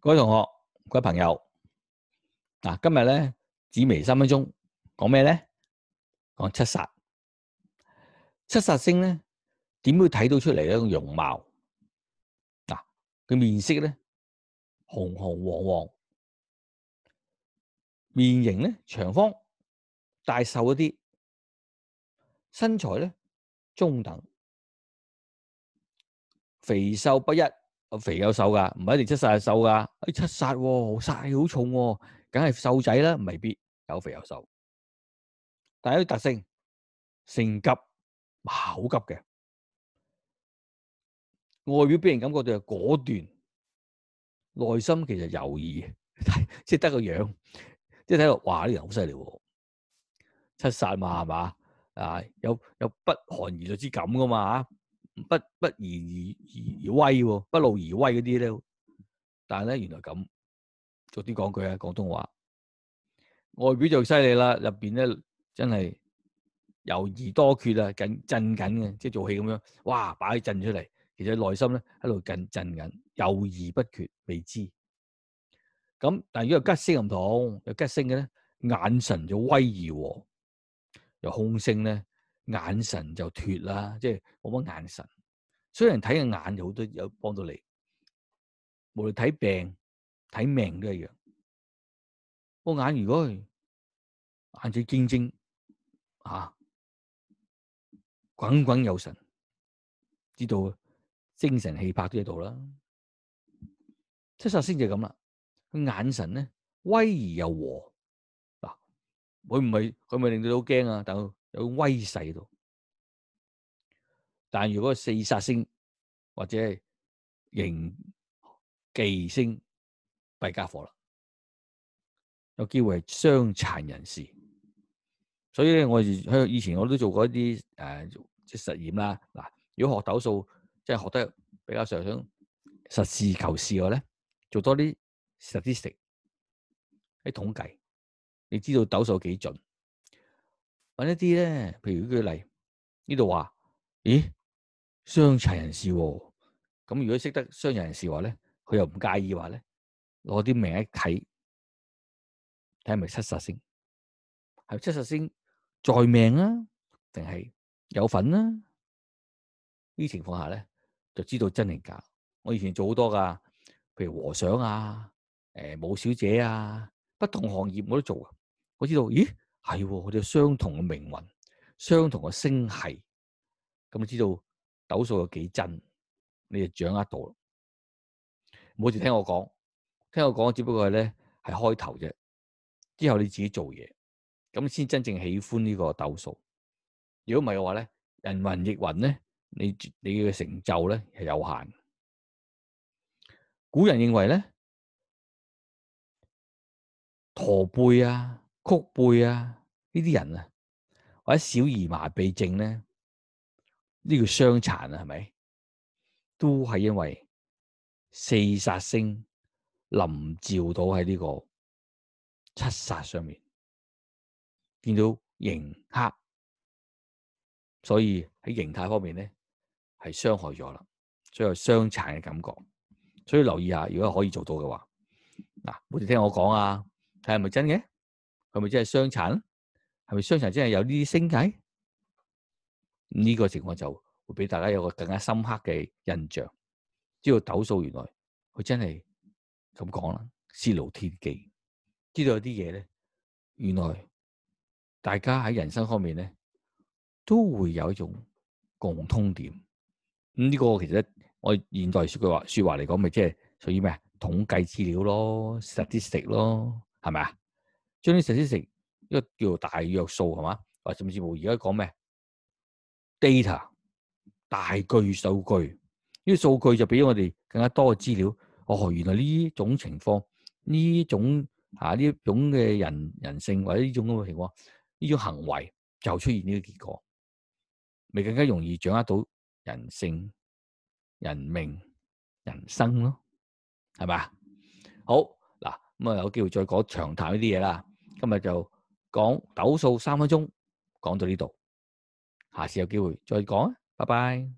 各位同學，各位朋友，嗱，今日咧紫微三分鐘講咩咧？講七殺，七殺星咧點會睇到出嚟咧？個容貌，嗱，佢面色咧紅紅黃黃，面型咧長方，大瘦一啲，身材咧中等，肥瘦不一。有肥有瘦噶，唔係一定七殺係瘦噶。誒、哎，七殺，啊，好晒、啊，好重，梗係瘦仔啦，啊，未必，有肥有瘦。但係有啲特性，性急，哇，好急嘅。外表俾人感覺到果斷，內心其實猶豫，即係得個樣，即係睇到哇，呢人好犀利，七殺嘛係嘛，啊，有有不寒而栗之感噶嘛。不不而而而威的不怒而威嗰啲咧，但係咧，原來咁，逐啲講句啊，廣東話，外表就犀利啦，入邊咧真係猶豫多決啊，緊震緊嘅，即係做戲咁樣，哇擺震出嚟，其實內心咧喺度緊震緊，猶豫不決未知。咁但係如果吉星又唔同，有吉星嘅咧，眼神就威而和，有凶星咧。眼神就脱啦，即係冇乜眼神。雖然睇嘅眼有好多有幫到你，無論睇病睇命都一樣。個眼如果係眼仔精精吓，滾滾有神，知道精神氣魄都喺度啦。七煞星就咁啦，佢眼神咧威而又和嗱，佢唔係佢唔係令到好驚啊，但佢威勢度，但如果四殺星或者係刑忌星，弊家伙啦，有機會係傷殘人士。所以咧，我喺以前我都做過一啲誒、呃、即係實驗啦。嗱，如果學斗數，即係學得比較上想實事求是嘅咧，做多啲 statistics 喺統計，你知道斗數幾準？揾一啲咧，譬如舉例，呢度話，咦，傷殘人士喎、哦，咁如果識得傷殘人士話咧，佢又唔介意話咧，攞啲命一睇，睇係咪七殺星，係七殺星在命啊，定係有份啊？情況呢情況下咧，就知道真定假。我以前做好多噶，譬如和尚啊，誒、呃、武小姐啊，不同行業我都做啊，我知道，咦？係，佢哋有相同嘅命運，相同嘅星系，咁知道斗數有幾真，你就掌握到。冇就聽我講，聽我講只不過係咧，係開頭啫。之後你自己做嘢，咁先真正喜歡呢個斗數。如果唔係嘅話咧，人云亦云咧，你你嘅成就咧係有限。古人認為咧，駝背啊，曲背啊。呢啲人啊，或者小兒麻痹症咧，呢叫傷殘啊，係咪？都係因為四煞星臨照到喺呢個七煞上面，見到刑克，所以喺形態方面咧係傷害咗啦，所以傷殘嘅感覺。所以留意下，如果可以做到嘅話，嗱，我哋聽我講啊，睇係咪真嘅，係咪真係傷殘？係咪商場真係有呢啲升計？呢、這個情況就會俾大家有個更加深刻嘅印象，知道斗數原來佢真係咁講啦，思路天機，知道有啲嘢，咧，原來大家喺人生方面咧都會有一種共通點。咁、這、呢個其實我現代說句話說話嚟講、就是，咪即係屬於咩啊？統計資料咯，statistics 咯，係咪啊？將啲 statistics 一個叫做大約數係嘛，或者甚至乎而家講咩 data 大據數據，呢啲數據就俾我哋更加多嘅資料。哦，原來呢種情況，呢種啊呢種嘅人人性，或者呢種咁嘅情況，呢種行為就出現呢個結果，咪更加容易掌握到人性、人命、人生咯，係咪？好，嗱，咁啊有機會再講長談呢啲嘢啦。今日就。講斗數三分鐘，講到呢度，下次有機會再講，拜拜。